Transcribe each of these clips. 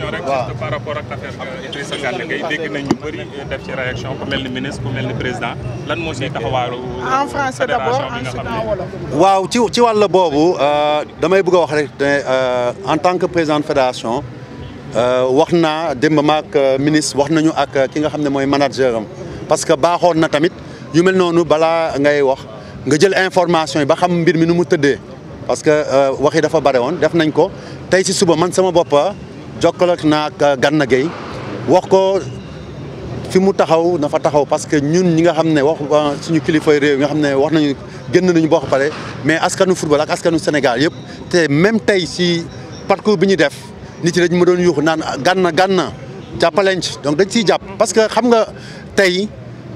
question rek juste nañ ñu bëri mel ni ministre ku mel ni président lan moo ciy taxawaalu. en waaw ci ci wàll boobu euh, damay bëgg a wax rek ne euh, en tant que président de fédération euh, wax naa démb maak ministre wax nañu ak ki nga xam ne mooy manager am parce que baaxoon na tamit yu mel noonu balaa ngay wax nga jël information yi ba xam mbir mi nu mu tëddee parce que wax yi dafa bare woon def nañ ko tey si suba man sama bopp. naa naag euh, Gana Gueye wax ko fi mu taxaw na fa taxaw parce que ñun ñi nga xam ne wax euh, suñu kilifa réew yi nga xam ne wax nañu génn nañu boo pare mais askanu football ak askanu Sénégal yëpp te même tey si parcours bi ñu def nit yi dañ ma doon yuuxu naan ganna Gana jàppaleen ci donc dañ ciy jàpp parce que xam nga tey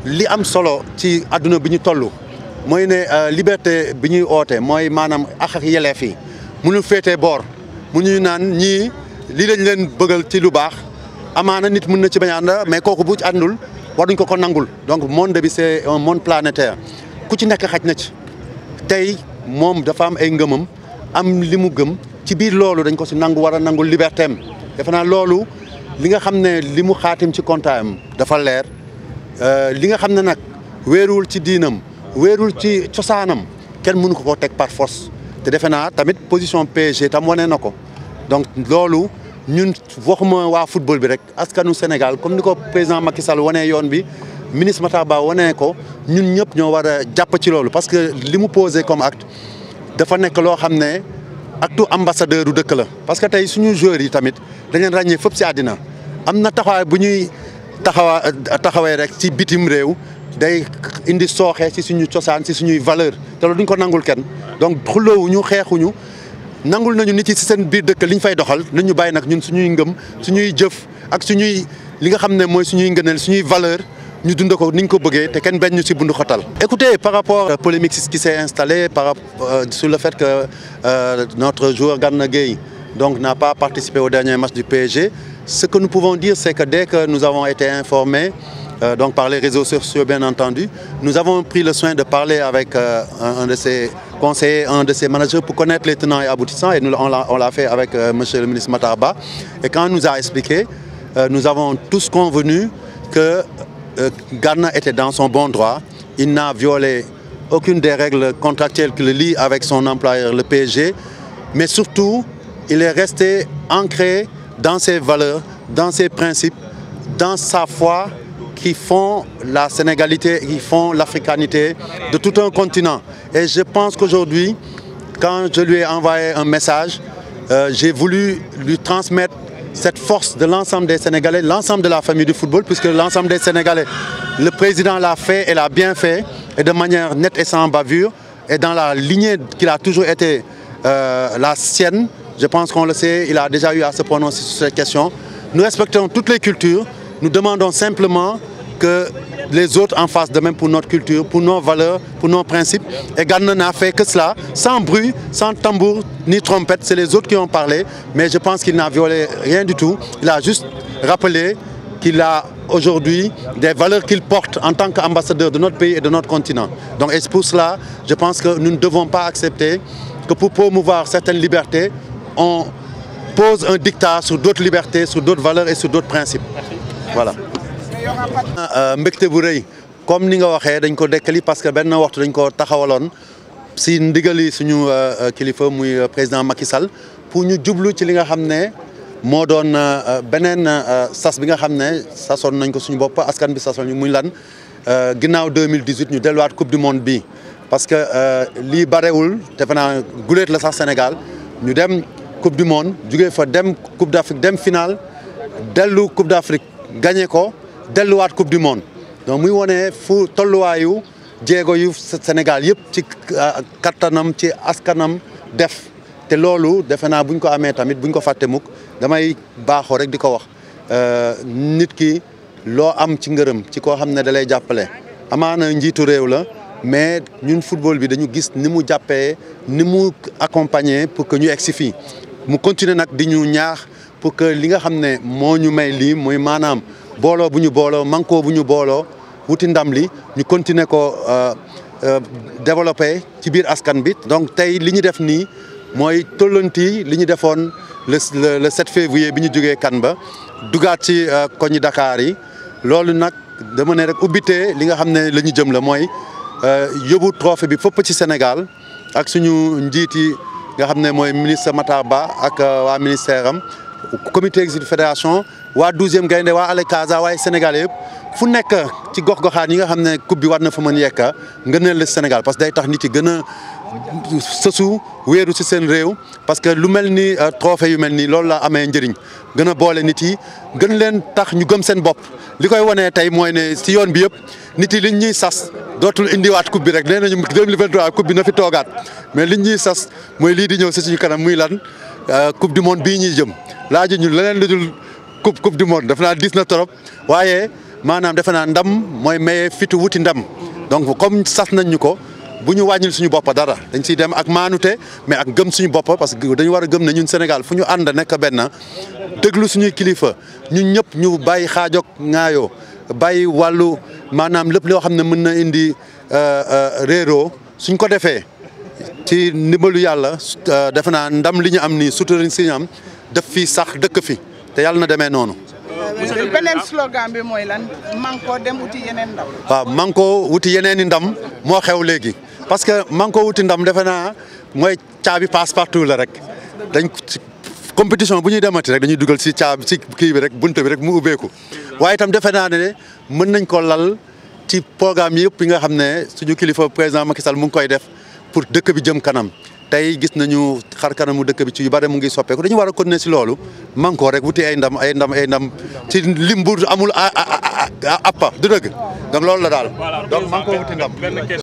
li am solo ci àdduna bi ñu toll mooy ne euh, liberté bi ñuy oote mooy maanaam ak ak yeleef yi mënul féetee boor mu ñuy naan ñii lii dañ leen bëggal ci lu baax amaana nit mën na ci bañ ànd mais kooku bu ci àndul waruñ ko ko nangul donc monde bi c'est un monde planétaire ku ci nekk xaj na ci tey moom dafa am ay ngëmam am li mu gëm ci biir loolu dañ ko si nangu war a nangul liberté am defe naa loolu li nga xam ne li mu xaatim ci kontaam dafa leer euh, li nga xam ne nag wéerul ci diinam weerul ci cosaanam kenn mënu ko ko teg par force te defe naa tamit position PSG tam wane na ko donc ñun waxuma waa football bi rek askanu Sénégal comme ni ko président Macky Sall wanee yoon bi ministre Matar Ba wanee ko ñun ñëpp ñoo war a jàpp ci loolu parce que li mu posé comme acte dafa nekk loo xam ne actu ambassadeur du dëkk la. parce que tey suñu joueurs yi tamit dañeen ràññee fépp si àddina am na taxawaay bu ñuy taxawaa taxawee rek ci bitim réew day indi sooxee si suñu cosaan si suñuy valeur te loolu duñ ko nangul kenn donc xulloowuñu xeexuñu. nangul nañu nit yi ci seen biir dëkk li fay doxal nañ ñu bàyyi nag ñun suñuy ngëm suñuy jëf ak su ñuy li nga xam ne mooy suñuy ngëneel suñuy valeur ñu dund ko ni ñu ko bëggee te kenn benn ñu ci bund xotal. écoutez par rapport à polémique qui s'est installée par euh, su le fait que euh, notre joueur Gana Gueye donc n'a pas participé au dernier match du PSG ce que nous pouvons dire c'est que dès que nous avons été informés euh, donc par les réseaux sociaux bien entendu. Nous avons pris le soin de parler avec euh, un, un, de ses conseillers, un de ses managers pour connaître les tenants et aboutissants et nous, on l'a fait avec euh, monsieur Matarba. Et quand nous a expliqué, euh, nous avons tous convenu que euh, Ghana était dans son bon droit. Il n'a violé aucune des règles contractuelles qui lie avec son employeur, le PSG. Mais surtout, il est resté ancré dans ses valeurs, dans ses principes, dans sa foi qui font la sénégalité, qui font l'africanité de tout un continent. Et je pense qu'aujourd'hui, quand je lui ai envoyé un message, euh, j'ai voulu lui transmettre cette force de l'ensemble des Sénégalais, l'ensemble de la famille du football, puisque l'ensemble des Sénégalais, le président l'a fait et l'a bien fait, et de manière nette et sans bavure, et dans la lignée qu'il a toujours été euh, la sienne, je pense qu'on le sait, il a déjà eu à se prononcer sur cette question. Nous respectons toutes les cultures, Nous demandons simplement que les autres en fassent de même pour notre culture, pour nos valeurs, pour nos principes. Et Ghana n'a fait que cela, sans bruit, sans tambour, ni trompette. C'est les autres qui ont parlé, mais je pense qu'il n'a violé rien du tout. Il a juste rappelé qu'il a aujourd'hui des valeurs qu'il porte en tant qu'ambassadeur de notre pays et de notre continent. Donc et pour cela, je pense que nous ne devons pas accepter que pour promouvoir certaines libertés, on pose un dictat sur d'autres libertés, sur d'autres valeurs et sur d'autres principes. voilà. Euh, mbégte bu rëy comme ni nga waxee dañ ko dekkali parce que benn waxtu dañ ko taxawaloon si ndigali suñu euh, euh, kilifa muy président Macky Sall pour ñu jublu ci li nga xam ne moo doon beneen sas bi nga xam ne sasoon nañ ko suñu bopp askan bi sasoon ñu muy lan ginnaaw 2018 ñu delluwaat coupe du monde bi parce que lii barewul defe naa guleet la sax Sénégal ñu dem coupe du monde jugee fa dem coupe d'Afrique dem finale dellu coupe d'Afrique gagné ko delluwaat coupe du monde donc muy wane fu tolluwaayu jéego yu Sénégal yëpp ci euh, kattanam ci askanam def te loolu defe naa buñ ko amee tamit buñ ko fàtte mukk damay baaxoo rek di ko wax euh, nit ki loo am ci ngërëm ci koo xam ne dalay jàppale amaana njiitu réew la mais ñun football bi dañu gis ni mu jàppee ni mu accompagner pour que ñu egg si fii mu continuer nag di ñu ñaax pour que li nga xam ne moo ñu may lii mooy maanaam booloo bu ñu booloo mankoo bu ñu booloo wuti ndam li ñu continuer ko euh, euh, développé ci biir askan bi. donc tey li ñu def nii mooy tollanti li ñu defoon le le 7 février bi ñu jógee kan ba dugaat ci euh, koñi Dakar yi loolu nag dama ne rek ubbitee li nga xam ne la ñu jëm la mooy yóbbu trophée bi fopp ci Sénégal ak suñu njiit yi nga xam ne mooy ministre Matar Ba ak waa ministère am. comité exécutif fédération waa douzième gaynde waa Alekaza waaye Sénégal yëpp fu nekk ci gox-goxaan yi nga xam ne coupe bi war na fa mën yekka nga neel la Sénégal parce que day tax nit yi gën a sësu wéeru si seen réew parce que lu mel ni euh, trophée yu mel nii loolu la amee njëriñ gën a boole nit yi gën leen tax ñu gëm seen bopp li koy wanee tey mooy ne si yoon bi yëpp nit yi liñ ñuy sas dootul indiwaat coupe bi rek nee nañu 2023 coupe bi na fi toogaat mais liñ ñuy sas mooy lii di ñëw si suñu kanam muy lan Euh, coupe du monde bii ñuy jëm laaju ñu leneen lu dul coupe coupe du monde defe naa na trop waaye maanaam defe naa ndam mooy maye fitu wuti ndam donc comme sas nañ ko bu ñu wàññil suñu bopp dara dañ siy dem ak maanute mais ak gëm suñu boppa parce que dañu war a gëm ne ñun Sénégal fu ñu ànd nekk benn déglu suñuy kilifa ñun ñëpp ñu bàyyi xaajoog ŋaayoo bàyyi wàllu maanaam lépp loo xam ne mën na indi euh, euh, réeroo suñ ko defee. ci ndimbalu yàlla euh, defe naa ndam li ñu am nii sutura si ñu am def fii sax dëkk fi te yàlla na demee noonu. beneen slogan bi mooy lan manko dem wuti yeneen ndam. wuti yeneen i ndam moo xew léegi parce que manko wuti ndam defe naa mooy caabi passe partout la rek dañ compétition bu ñuy demati rek dañuy dugal si caabi si kii bi rek bunte bi rek mu ubbeeku waaye itam defe naa ne mën nañ koo lal ci programme yëpp yi nga xam ne suñu kilifa président Macky Sall mu ngi koy def. pour dëkk bi jëm kanam tey gis nañu xar mu dëkk bi ci yu bare mu ngi soppeeku dañu war a continuer si loolu man rek wuti ay ndam ay ndam ay ndam ci lim bu amul appa du dëgg donc loolu la daal donc man wuti ndam